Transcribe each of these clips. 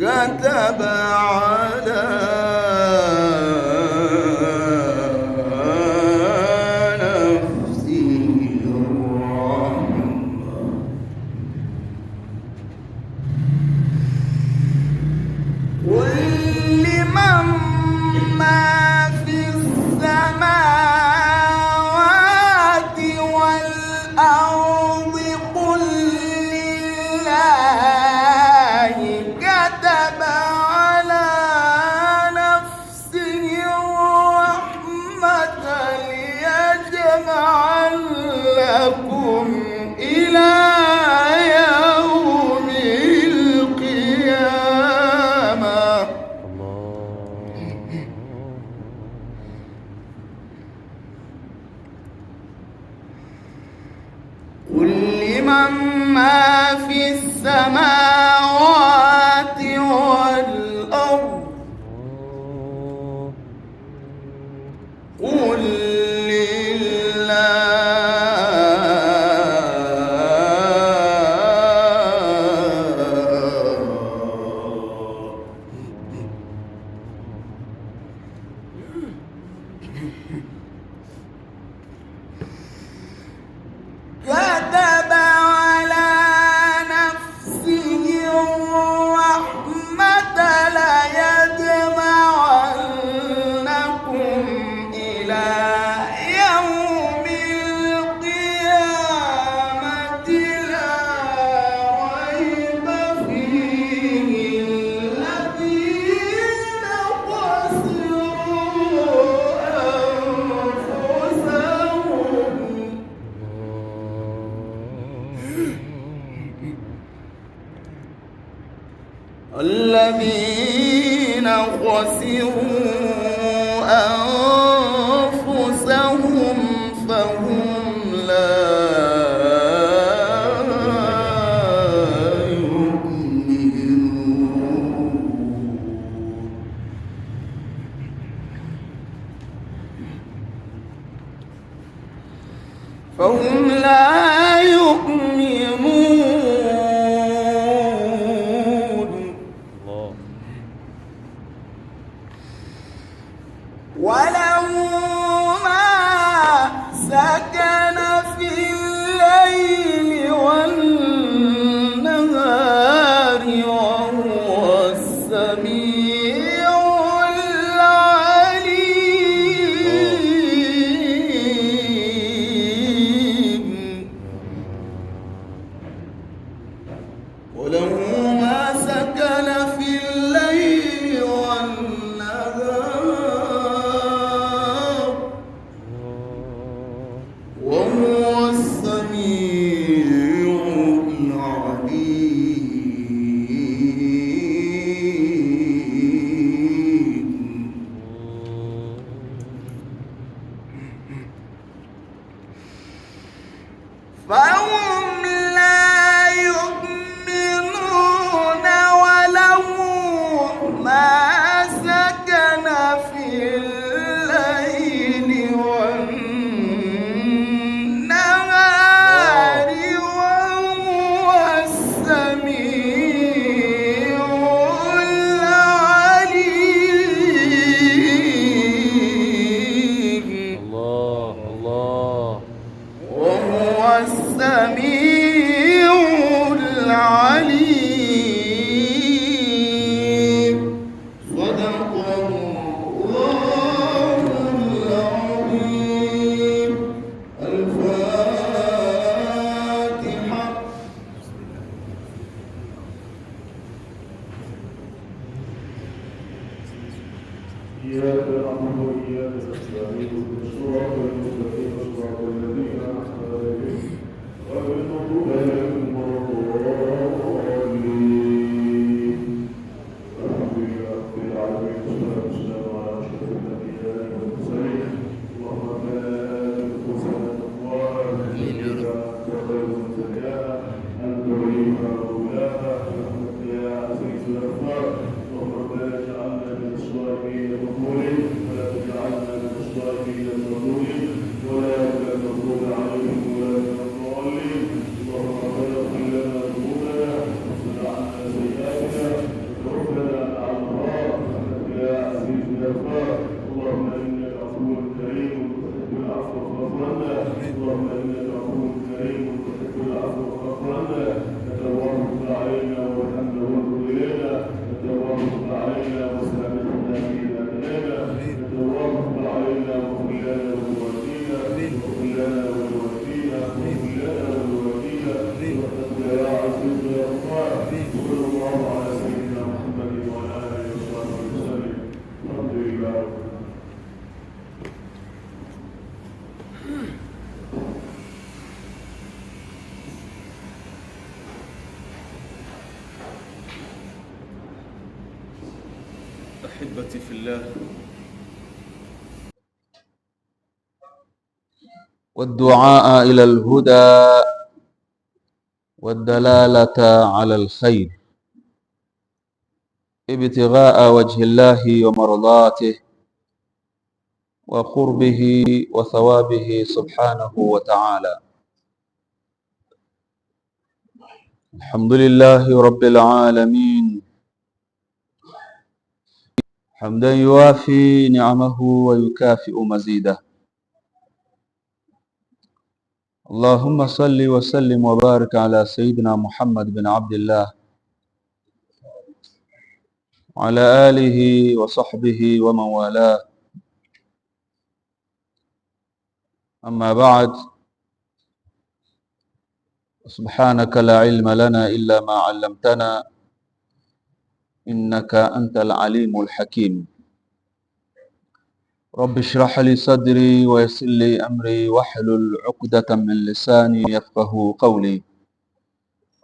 كتب على إياك نعبد وإياك نستعين صراط المستقيم صراط الذين أنعمت عليهم غير المغضوب عليهم ولا الضالين الله على سيدنا محمد وعلى اله وصحبه وسلم الحمد لله احبتي في الله والدعاء الى الهدى والدلالة على الخير ابتغاء وجه الله ومرضاته وقربه وثوابه سبحانه وتعالى الحمد لله رب العالمين حمدا يوافي نعمه ويكافئ مزيده اللهم صل وسلم وبارك على سيدنا محمد بن عبد الله وعلى آله وصحبه ومن والاه أما بعد سبحانك لا علم لنا إلا ما علمتنا إنك أنت العليم الحكيم رب اشرح لي صدري ويسر لي أمري واحلل عقدة من لساني يفقه قولي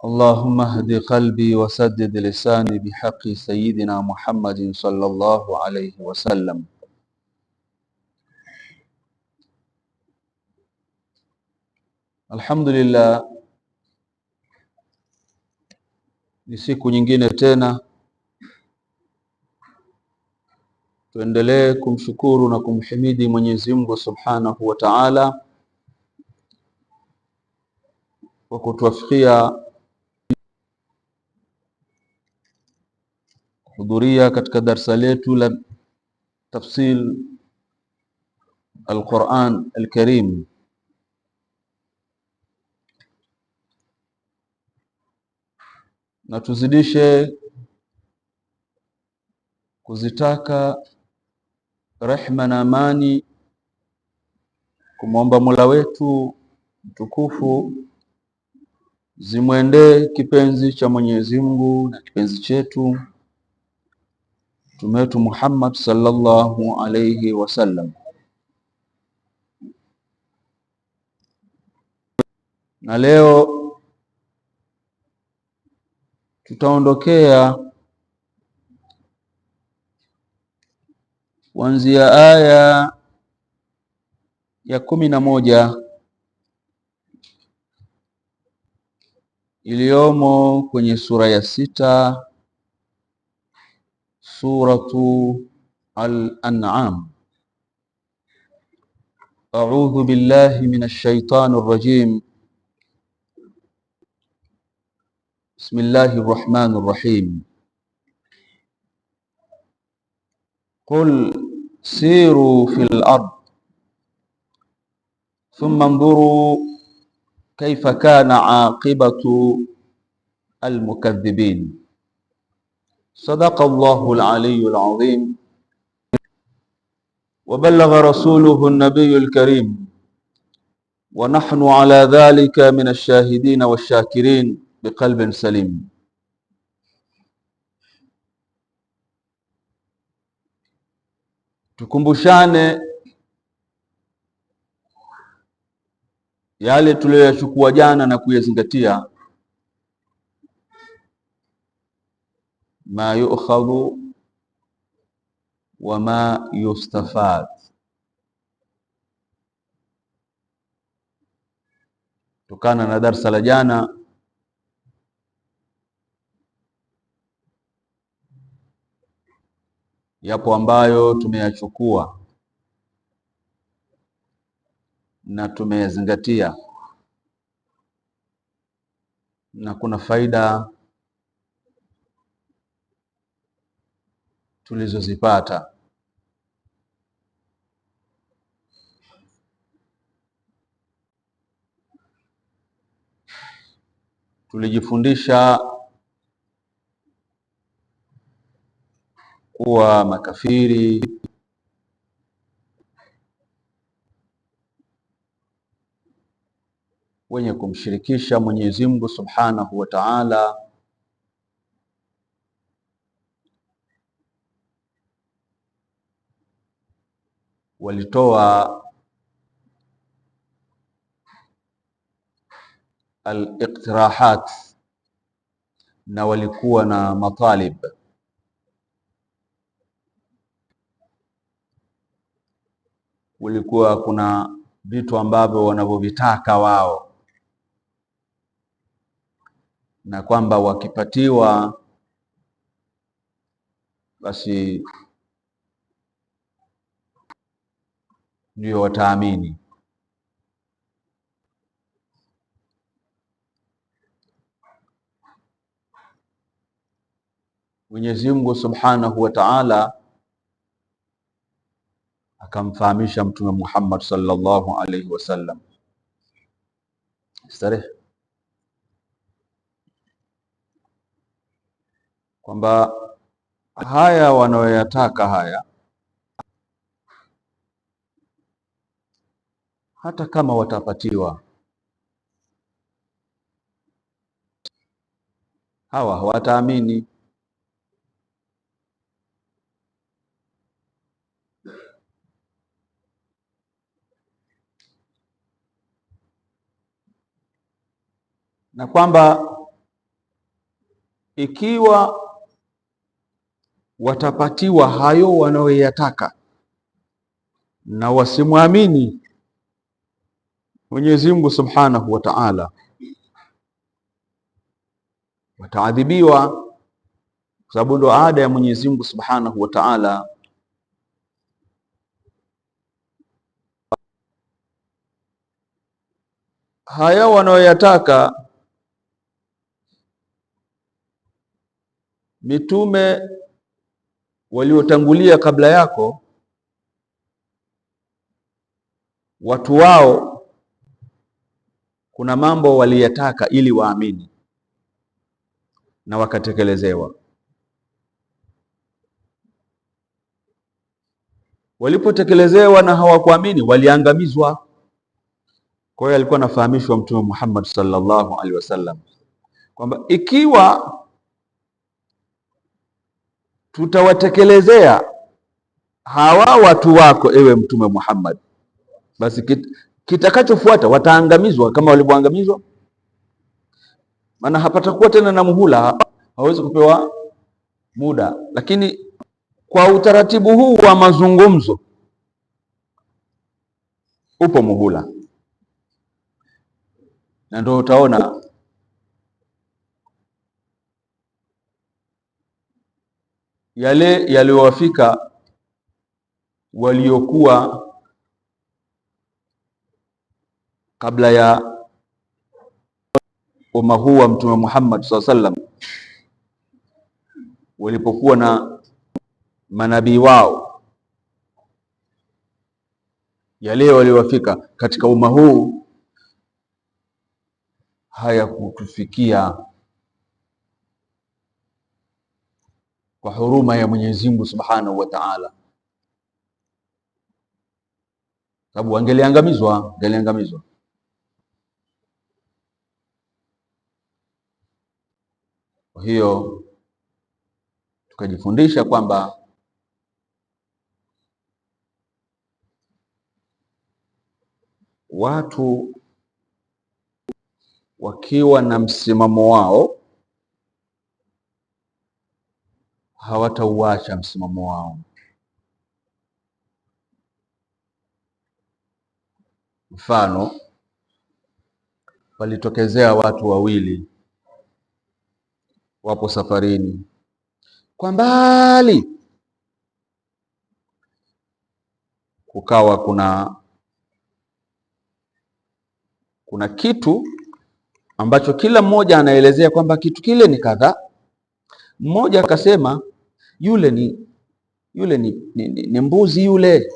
اللهم اهد قلبي وسدد لساني بحق سيدنا محمد صلى الله عليه وسلم Alhamdulillah, ni siku nyingine tena Tuendelee kumshukuru na kumhimidi Mwenyezi Mungu Subhanahu wa Ta'ala kwa kutuafikia kuhudhuria katika darsa letu la tafsil al-Quran al-Karim. Na tuzidishe kuzitaka rehma na amani kumwomba Mola wetu mtukufu zimwendee kipenzi cha Mwenyezi Mungu na kipenzi chetu Mtume wetu Muhammad sallallahu alayhi wasallam. Na leo tutaondokea kuanzia aya ya kumi na moja iliyomo kwenye sura ya sita suratu Al-An'am. A'udhu billahi minash shaitani rrajim. Bismillahir rahmanir rahim. Qul سيروا في الأرض ثم انظروا كيف كان عاقبة المكذبين صدق الله العلي العظيم وبلغ رسوله النبي الكريم ونحن على ذلك من الشاهدين والشاكرين بقلب سليم tukumbushane yale tuliyoyachukua jana na kuyazingatia. ma yukhadhu wa ma yustafad, tokana na darsa la jana yapo ambayo tumeyachukua na tumeyazingatia na kuna faida tulizozipata. Tulijifundisha kuwa makafiri wenye kumshirikisha Mwenyezi Mungu Subhanahu wa Ta'ala walitoa al-iqtirahat na walikuwa na matalib kulikuwa kuna vitu ambavyo wanavyovitaka wao, na kwamba wakipatiwa basi ndio wataamini. Mwenyezi Mungu Subhanahu wa Ta'ala akamfahamisha Mtume Muhammad sallallahu alaihi wasallam. Starehe kwamba haya wanayoyataka haya, hata kama watapatiwa hawa hawataamini. na kwamba ikiwa watapatiwa hayo wanayoyataka na wasimwamini Mwenyezi Mungu Subhanahu wa Ta'ala, wataadhibiwa kwa sababu ndo ada ya Mwenyezi Mungu Subhanahu wa Ta'ala haya wanayoyataka mitume waliotangulia kabla yako watu wao kuna mambo waliyataka ili waamini na wakatekelezewa. Walipotekelezewa na hawakuamini waliangamizwa. Kwa hiyo alikuwa anafahamishwa Mtume Muhammad sallallahu alaihi wasallam kwamba ikiwa tutawatekelezea hawa watu wako, ewe Mtume Muhammad. Basi kit, kitakachofuata wataangamizwa kama walivyoangamizwa, maana hapatakuwa tena na muhula, hawezi kupewa muda. Lakini kwa utaratibu huu wa mazungumzo upo muhula, na ndio utaona yale yaliyowafika waliokuwa kabla ya umma huu wa Mtume Muhammad sallallahu sallam walipokuwa na manabii wao, yale waliowafika katika umma huu hayakutufikia kwa huruma ya Mwenyezi Mungu Subhanahu wa Ta'ala, sababu wangeliangamizwa, angeliangamizwa. Kwa hiyo tukajifundisha kwamba watu wakiwa na msimamo wao hawatauacha msimamo wao. Mfano, walitokezea watu wawili wapo safarini kwa mbali, kukawa kuna kuna kitu ambacho kila mmoja anaelezea kwamba kitu kile ni kadhaa mmoja akasema yule ni yule ni, ni, ni, ni mbuzi yule.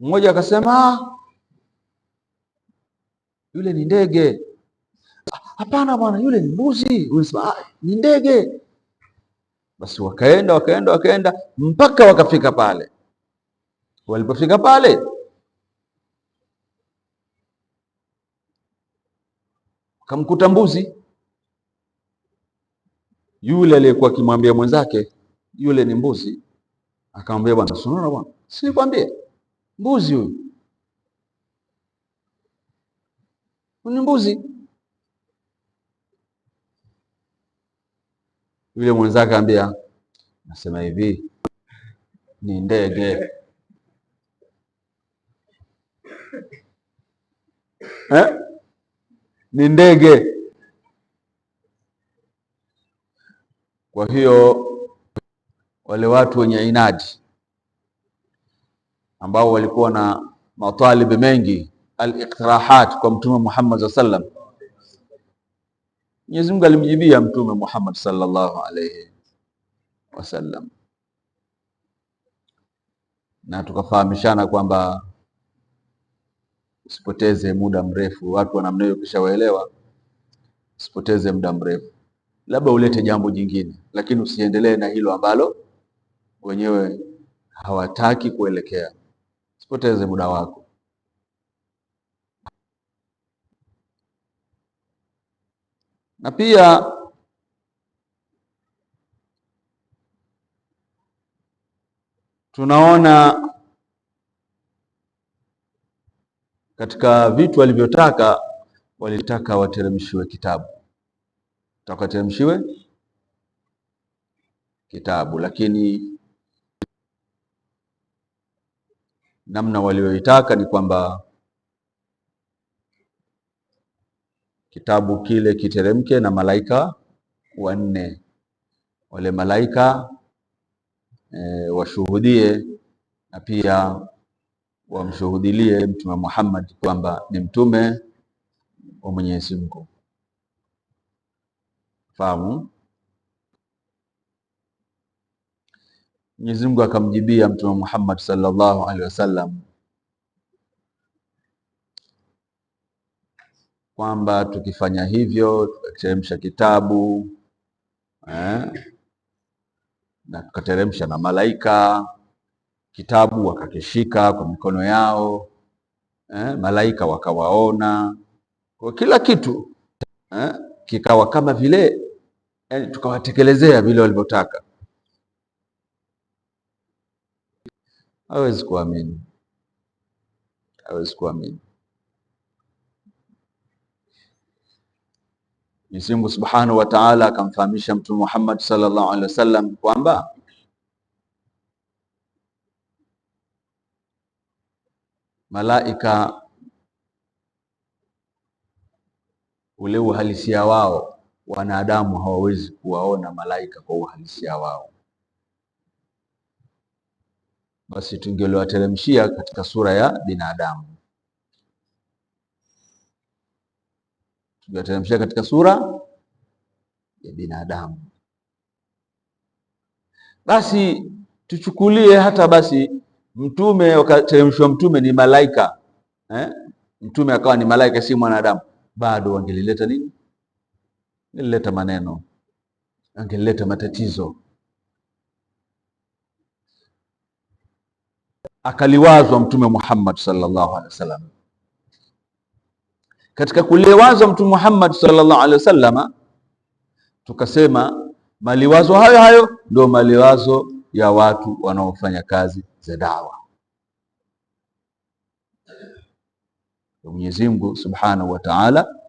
Mmoja akasema yule ni ndege. Hapana bwana, yule ni mbuzi. Unasema ah, ni ndege. Basi wakaenda wakaenda wakaenda mpaka wakafika pale. Walipofika pale, wakamkuta mbuzi yule aliyekuwa akimwambia mwenzake yule ni mbuzi, akamwambia bwana, sunona bwana, si kwambie mbuzi huyu ni mbuzi. Yule mwenzake akamwambia, nasema hivi ni ndege eh? ni ndege Kwa hiyo wale watu wenye inadi ambao walikuwa na matalib mengi aliktirahat kwa Mtume Muhammad saa sallam, Mwenyezi Mungu alimjibia Mtume Muhammad sallallahu alaihi wasallam, na tukafahamishana kwamba usipoteze muda mrefu, watu wa namna hiyo kisha waelewa, usipoteze muda mrefu labda ulete jambo jingine, lakini usiendelee na hilo ambalo wenyewe hawataki kuelekea. Sipoteze muda wako. Na pia tunaona katika vitu walivyotaka, walitaka wateremshiwe kitabu takateremshiwe kitabu. Lakini namna walioitaka ni kwamba kitabu kile kiteremke na malaika wanne, wale malaika e, washuhudie na pia wamshuhudilie Mtume Muhammad kwamba ni mtume wa Mwenyezi Mungu. Fahamu? Mwenyezi Mungu akamjibia Mtume Muhammad sallallahu alaihi wasallam kwamba tukifanya hivyo tukateremsha kitabu eh, na tukateremsha na malaika kitabu wakakishika kwa mikono yao eh, malaika wakawaona kwa kila kitu eh, kikawa kama vile yani tukawatekelezea vile walivyotaka. Hawezi kuamini, hawezi kuamini. Mwenyezi Mungu Subhanahu wa Ta'ala akamfahamisha Mtume Muhammad sallallahu alaihi wasallam kwamba malaika ule uhalisia wao wanadamu hawawezi kuwaona malaika kwa uhalisia wao, basi tungeliwateremshia katika sura ya binadamu, tungewateremshia katika sura ya binadamu. Basi tuchukulie hata basi mtume wakateremshwa mtume ni malaika eh? mtume akawa ni malaika, si mwanadamu, bado wangelileta nini nilileta maneno, angelileta matatizo. Akaliwazwa Mtume Muhammad sallallahu alaihi wasallam. Katika kuliwazwa Mtume Muhammad sallallahu alaihi wasallam, tukasema maliwazo hayo hayo ndio maliwazo ya watu wanaofanya kazi za dawa. Mwenyezi Mungu Subhanahu wa Ta'ala